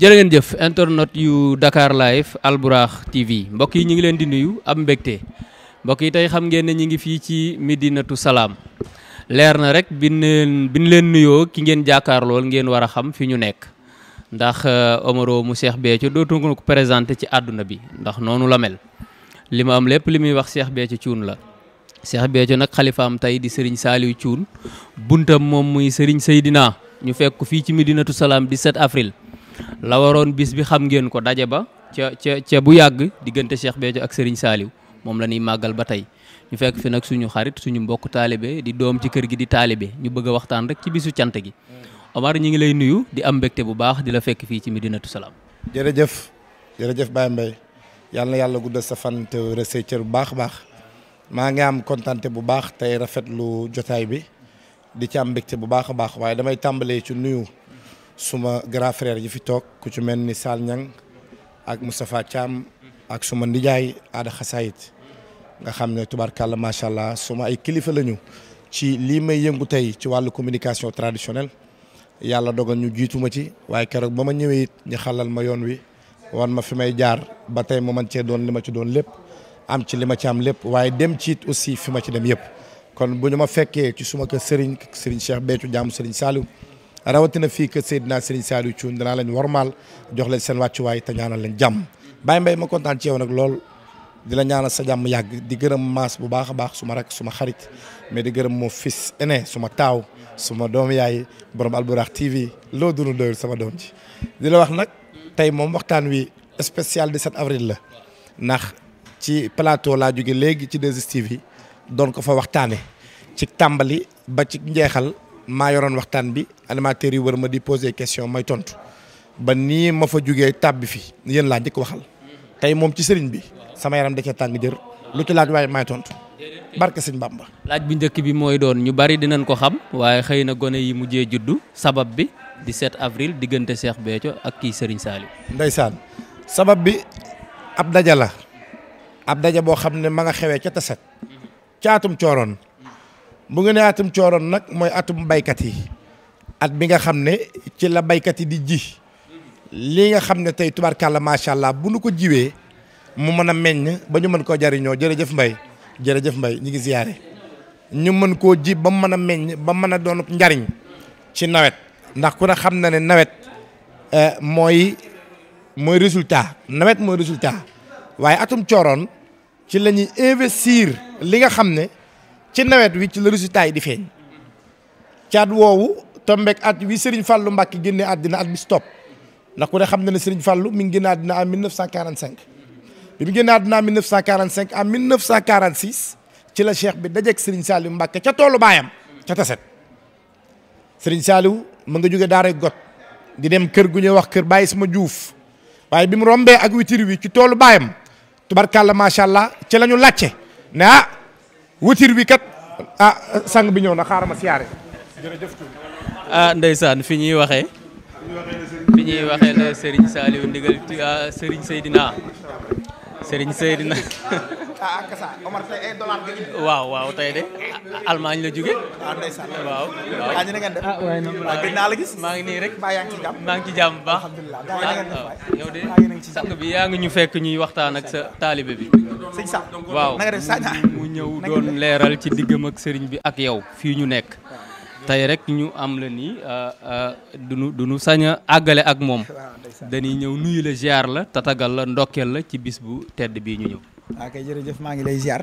jërë ngeen jëf internet yu Dakar live Albourakh TV mbokk yi ñu ngi leen di nuyu am mbégte mbokk yi tey xam ngeen ne ñu ngi fii ci Medinatu Salaam leer na rek bi ñu leen nuyoo ki ngeen jàkkaar lool ngeen war a xam fi ñu nekk ndax euh, Omaro mu Cheikh Béthio dootu ko présenté ci àdduna bi ndax noonu la mel li ma am lépp li muy wax Cheikh Béthio Thioune la Cheikh Béthio nag xalifaam tey di Serigne Saliou Thioune buntam moom muy Serigne Seydina ñu fekk fii ci Medinatu Salaam 17 avril la waroon bis bi xam ngeen ko daje ba ca ca ca bu yàgg diggante Cheikh beejo ak sëriñ Saliou moom la ñuy màggal ba tey ñu fekk fi nag suñu xarit suñu mbokk taalibe di doom ci kër gi di taalibe ñu bëgg a waxtaan rek ci bisu cant gi Omar ñi ngi lay nuyu di am mbégte bu baax di la fekk fii ci Medinatu Salaam. jërëjëf jërëjëf Baye Mbaye yàlla na yàlla guddal sa fan te resey bu baax baax maa ngi am kontaante bu baax tey rafetlu jotaay bi. di ci am mbégte bu baax a baax waaye damay tàmbalee ci nuyu suma grand frère yi fi toog ku ci mel ni Sall Niang ak Moustapha Thiam ak suma nijaay aada xasaayit nga xam ne kàll macha allah suma ay kilifa lañu ci lii may yëngu tey ci wàllu communication traditionnelle yàlla dogal ñu jiituma ci waaye keroog ba ma ñëwee it ñu xalal ma yoon wi wan ma fi may jaar ba tey ma man cee doon li ma ci doon lépp am ci li ma ci am lépp waaye dem ci it aussi fi ma ci dem yëpp. kon bu ñu ma fekkee ci suma kër Serigne Serigne Cheikh Béthio jaamu Serigne rawatina fii kër Seydina Serigne Saliou Thioune danaa leen warmaal jox leen seen wàccuwaay te ñaanal leen jàmm Baye Mbaye ma kontaan ci yow nag lool dina la ñaanal sa jàmm yàgg di gërëm maas bu baax a baax suma rak suma xarit mais di gërëm moo fils aîné suma taaw suma doom yaay borom Alburax TV loo dunu doyul sama doom ji dina wax nag tey moom waxtaan wi di 17 avril la ndax ci plateau laa jóge léegi ci 2STV doon ko fa waxtaane ci tàmbali ba ci njeexal maa yoroon waxtaan bi animateurs yi wër ma di question may tontu ba nii ma fa jógee tàbbi fi yéen laa njëkk waxal tey moom ci sëriñ bi sama yaram da cee tàng jër lu ci laaj waaye may tontu barke sëñ Bamba. laaj bu njëkk bi mooy doon ñu bari dinañ ko xam waaye xëy na gone yi mujjee juddu sabab bi di 17 avril diggante Cheikh Béthio ak kii sëriñ Saliou. ndeysaan sabab bi ab daja la ab daja boo xam ne ma nga xewee ci atum cooroon bu ngeen nee atum cooroon nag mooy atum baykat yi at bi nga xam ne ci la baykat yi di ji lii nga xam ne tey tubaar tubaarkàlla macha allah bu nu ko jiwee mu mën a meññ ba ñu mën koo jariñoo jërëjëf mbay jërëjëf mbay ñu ngi ziyaare ñu mën koo ji ba mën a meññ ba mën a doonu njariñ ci nawet ndax ku ne xam na ne nawet eh, mooy mooy résultat nawet mooy résultat waaye atum cooroon ci la ñuy investir li nga xam ne ci nawet wi ci la résultat yi di feeñ caat woowu tombek at wi Serigne fallu Mbacke génne àddina at bi stop ndax ku ne xam na ne Serigne Fallou mi ngi génne àddina en 1945 bi mu génne àddina en 1945 en 1946 ci la cheikh bi dajeek sëriñ Saliou Mbacke ca toolu baayam ca taset sëriñ Saliou mu nga jóge daaray got di dem kër gu ñuy wax kër Baye Isma Diouf waaye bi mu rombee ak witir wi ci toolu baayam tubarkàlla macha allah ci la ñu làcce ne ah, wutir bi kat ah sang bi ñëw na xaaral ma siyaare. jërëjëf ah ndeysaan fi ñuy waxe fi ñuy waxee la Serigne Saliou ndigal ah, Serigne Seydina. Serigne Seydina. ah eh, waaw waaw tey de Allemagne la jóge. Ah, ah, ah, maa ngi nii rek maa ngi ci jàmm bu baax. alhamdulilah bi yaa ngi ñu fekk ñuy waxtaan ak sa taalibe bi. sëñ Sa. mu ñëw doon leeral ci diggam ak sëriñ bi ak yow fii ñu nekk. tey rek ñu am la nii euh, euh, dunu duñu sañ a àggale ak moom ah, dañuy ñëw nuyu la ziar la tatagal la ndokkeel la ci bis bu tedd bii ñu ñëw waa ah, kay jërëjëf maa ngi lay ziar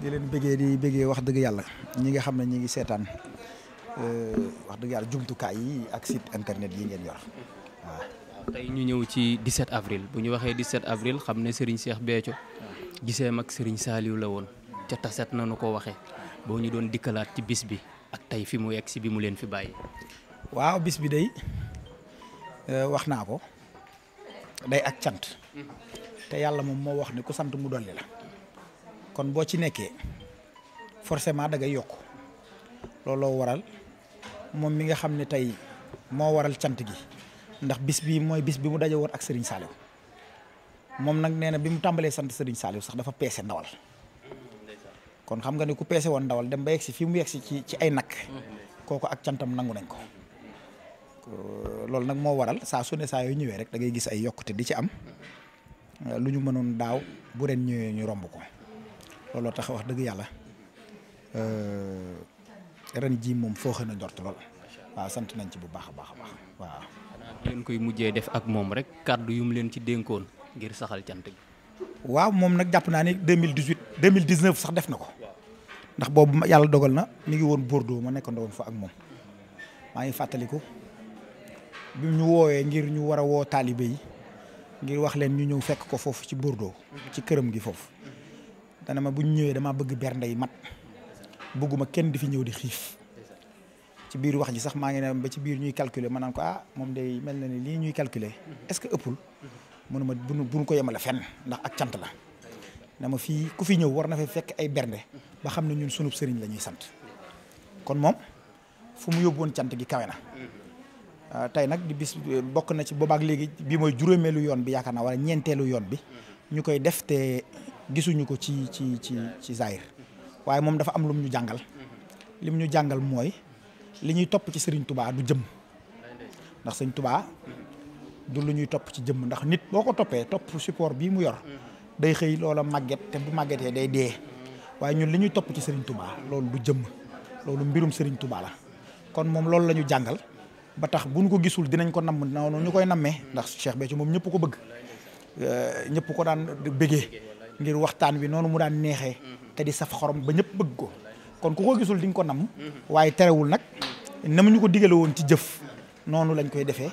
di leen bëggee di bëggee wax dëgg yàlla ñi nga xam ne ñi ngi seetaan euh, wax dëgg yàlla jumtukaay yi ak site internet yi ngeen yor tey ñu ñëw ci 17 avril bu ñu waxee 17 avril xam ne Serigne Cheikh Béthio gisee mag Serigne Saliou la woon ca taset na nu ko waxee boo ñu doon dikkalaat ci bis bi ak tey fi mu yegg si bi mu leen fi bàyyi. waaw bis bi day euh, wax naa ko day ak cant. te yàlla moom moo wax ne ku sant mu dolli la. kon boo ci nekkee forcément da ngay yokk looloo waral moom mi nga xam ne tey moo waral cant gi ndax bis bi mooy bis bi mu daje woon ak sëriñ Saliou moom nag nee na bi mu tàmbalee sant Serigne Saliou sax dafa peese ndawal. kon xam nga ni ku peese woon ndawal dem ba yegsi fi mu yegsi ci ci ay nakk mhm. kooku ak cantam nangu nañ ko loolu nag moo waral saa su ne saa yoo ñëwee rek da ngay gis ay yokkute di ci am euh, lu ñu mënoon daaw bu ren ñëwee ñu romb ko looloo tax wax dëgg yàlla euh, ren jii moom foo xëy na njort lool waaw sant nañ ci bu baax a baax baax waaw. xanaa koy mujjee def ak moom rek kàddu yu leen ci dénkoon ngir saxal cant gi. waaw moom nag jàpp naa ni 2018 2019 sax def na ko ndax boobu ma yàlla dogal na mi ngi woon Bordeaux ma nekk ndowoon fa ak moom maa ngi fàttaliku ñu woowee ngir ñu war a woo taalibe yi ngir wax leen ñu ñëw fekk ko foofu ci Bordeaux ci këram gi foofu dana ma bu ñu ñëwee damaa bëgg bernde yi mat bëgguma kenn di fi ñëw di xiif ci biir wax ji sax maa ngi ne ba ci biir ñuy calculer ma naan ko ah moom day mel na ni lii ñuy calculer est-ce que ëppul mënu ma bu buñu ko yemale fenn ndax ak cant la na ma fii ku fi ñëw war na fa fekk ay bernde ba xam ne ñun sunub sëriñ lañuy sant kon moom fu mu yóbbu woon cant gi kawe na euh, tey nag di bis bokk na ci boobaak léegi bi mooy juróomeelu yoon bi yaakaar naa wala ñeenteelu yoon bi ñu koy def te gisuñu ko ci ci ci ci Zahir waaye moom dafa am lum ñu jàngal lim ñu jàngal mooy li ñuy topp ci sëriñ tubaa du jëm ndax sëriñ tubaa du lu ñuy topp ci jëmm ndax nit boo ko toppee topp support bii mu yor day xëy loola màgget te bu màggetee day dee waaye ñun li ñuy topp ci Serigne Touba loolu du jëmm loolu mbirum Serigne tubaa la kon moom loolu la ñu jàngal ba tax bu ñu ko gisul dinañ ko namm noonu ñu koy nammee ndax Cheikh Béthio moom ñëpp ko bëgg euh, ñëpp ko daan bëggee ngir waxtaan wi noonu mu daan neexee te di saf xorom ba ñëpp bëgg ko kon ku ko gisul di ko namm waaye terewul nag na ñu ko digale woon ci jëf noonu lañ koy defee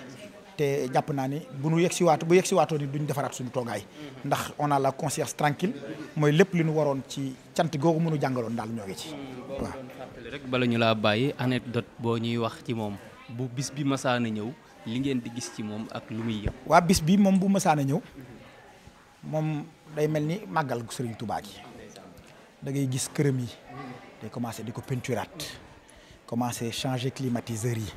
te jàpp naa ni bu nu yegg si waat bu yegg si waatoo ni duñ defaraat suñu toogaay mhm. ndax on a la conscience tranquille mooy lépp li ñu waroon ci cant googu mënu jàngaloon daal ñoo ngi ci mhm. rek bala ñu laa bàyyi anecdote boo ñuy wax ci moom bu bis bi masaana ñëw li ngeen di gis ci moom ak lu muy yëg waa bis bi moom bu masaana ñëw moom day mel ni màggal Sëriñ Tuubaa gi da ngay gis këram yi day commencé di ko peinturaat commencé changer climatiseur yi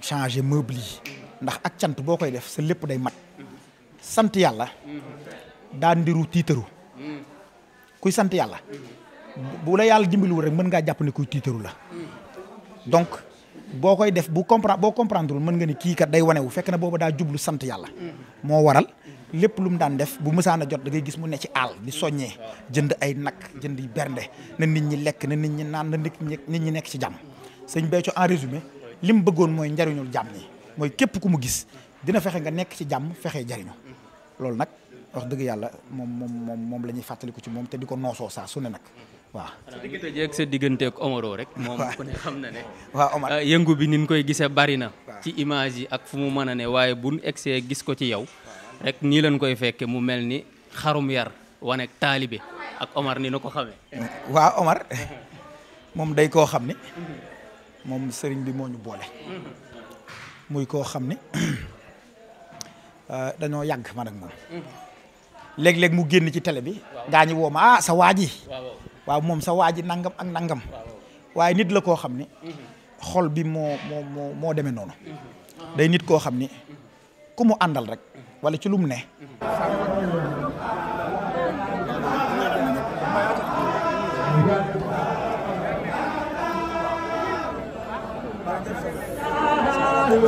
changer meuble yi ndax ak cant boo koy def sa lépp day mat sant yàlla daan ndiru tiitaru kuy sant yàlla bu la yàlla wu rek mën ngaa jàpp ne kuy tiitaru la donc boo koy def bu comprendre boo comprendrewul mën nga ni kii kat day wane wu fekk na boobu daa jublu sant yàlla moo waral lépp lu mu daan def bu mësaan a jot da ngay gis mu ne ci àll di soññee jënd ay nag jënd yi bernde na nit ñi lekk na nit ñi naan na nit ñi nekk ci jàmm sëñ Béthio en résumé li bëggoon mooy njariñul jàmm yi mooy képp ku mu gis dina fexe nga nekk ci jàmm fexe jariñu loolu nag wax dëgg yàlla moom moom moom moom la ñuy fàttaliku ci moom te di ko noosoo saa su ne nag waaw. sa diggante jeeg rek. moom xam na ne. waaw Omar ah, yëngu bi ni koy gisee bari na. ci image yi ak fu mu mën a ne waaye bu ñu egsee gis ko ci yow. rek nii leen koy fekkee mu mel ni xarum yar waneeg taalibe ak Omar ni na ko xamee. waaw Omar moom day koo xam ni. Mhm. moom sëriñ bi moo ñu boole. muy koo xam ne euh, dañoo yàgg ma nag moom. léeg-léeg mu génn ci tele bi. gaa ñi woo ma ah sa waa ji. waaw moom sa waa ji nangam ak nangam. waaye nit la koo xam ne. xol bi moo moo moo moo demee noonu. day nit koo xam ni ku mu àndal rek. wala ci lu mu ne. waaw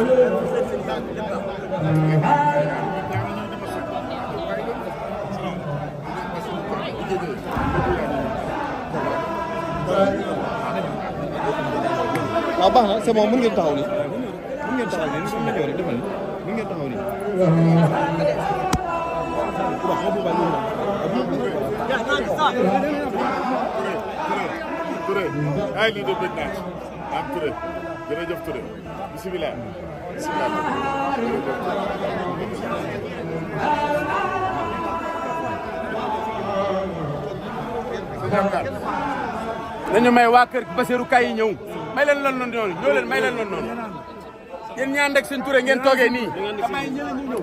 baax na c'est bon mën ngeen taxaw nii mën ngeen taxaw nii mën ngeen taxaw nii mën ngeen taxaw nii. Touré Touré ay lii de bëgg naa ci am Touré. jërëjëf Touré bisimilah nañu may waa kër Bassirou Ka yi ñëw may leen loon noonu ñoo leen may leen loon noonu yéen ñaan rek seen Touré ngeen toogee nii damay ñëw ñëw